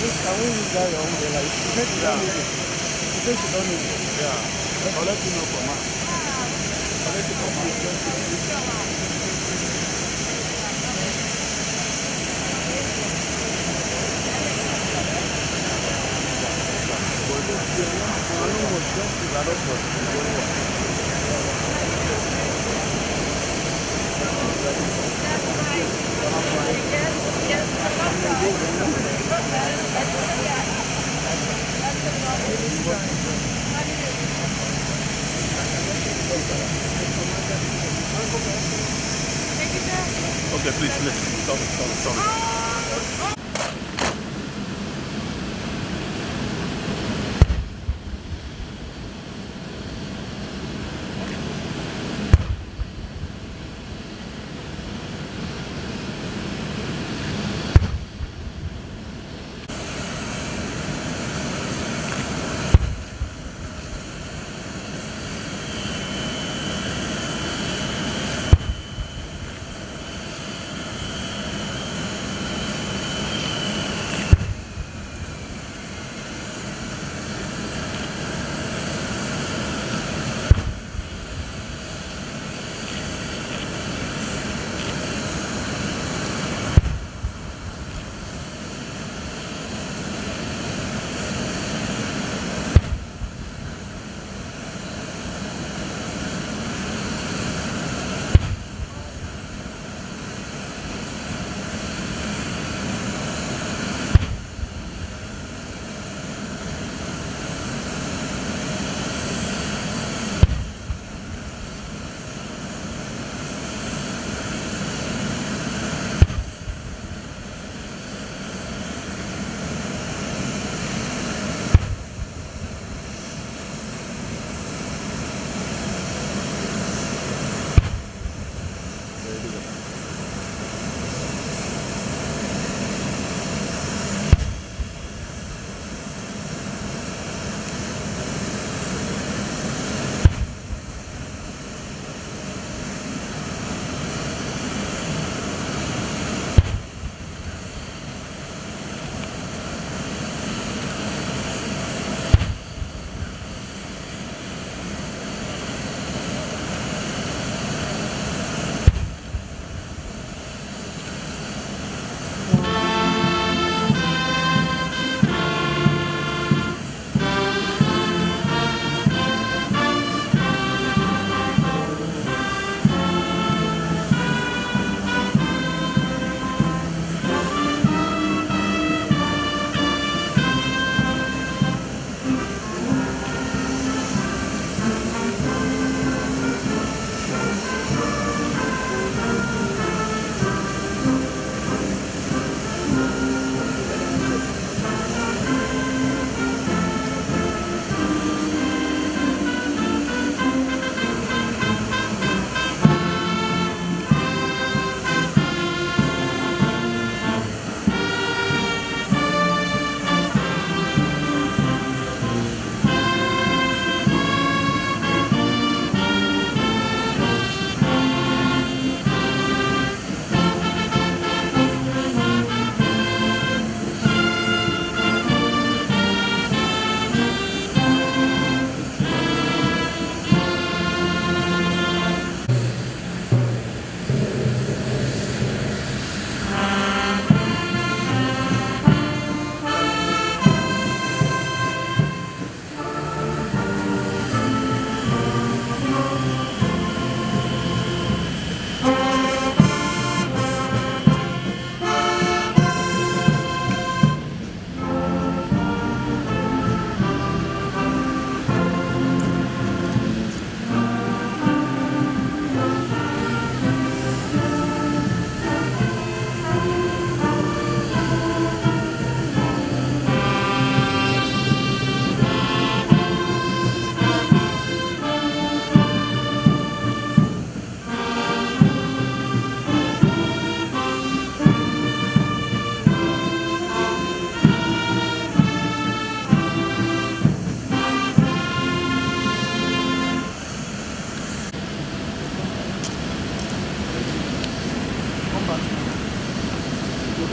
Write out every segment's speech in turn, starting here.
就是他们家的，后来，现在是农民，现在是农民，对啊，后来就弄过嘛，后来就搞农业了。对啊，农业。农业。please listen. Sorry, sorry, sorry.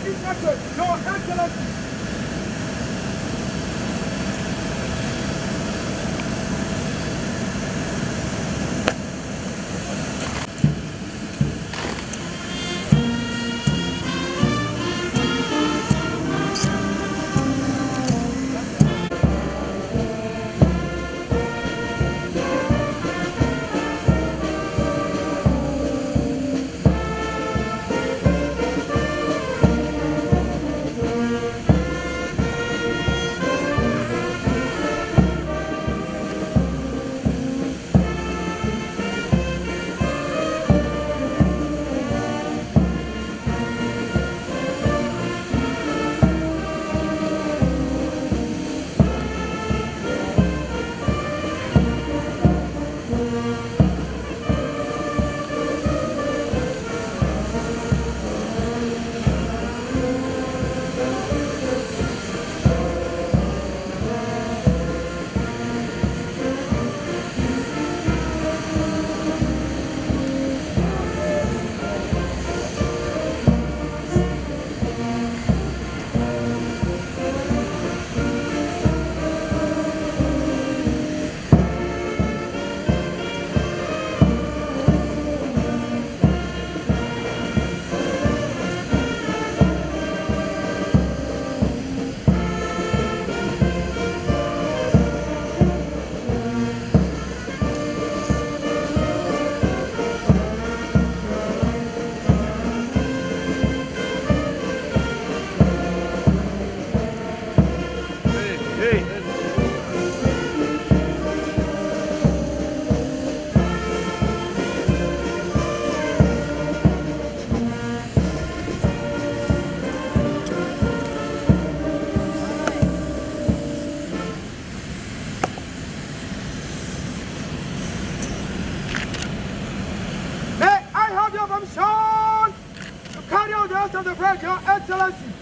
your inactions, excellency, of the Break, Your Excellency,